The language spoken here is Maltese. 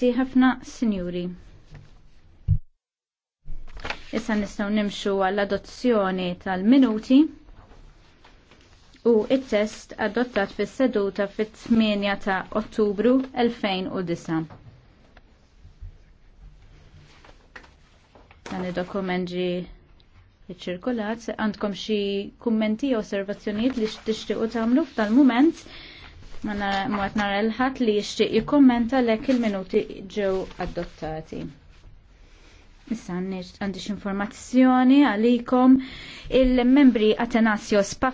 Grazzi ħafna, Sinjuri. Issa nistgħu nimxu għall-adozzjoni tal-minuti u it-test adottat fis seduta fit-8 ta' Ottubru 2009. Dan id-dokument ġi ċirkulat għandkom xi kummenti u osservazzjonijiet li tixtiequ tagħmlu f'tal-mument mwet nara l-ħat li jixtieq jikkommenta lek il-minuti ġew adottati. Issa għandix informazzjoni għalikom il-membri Atenasios Paf.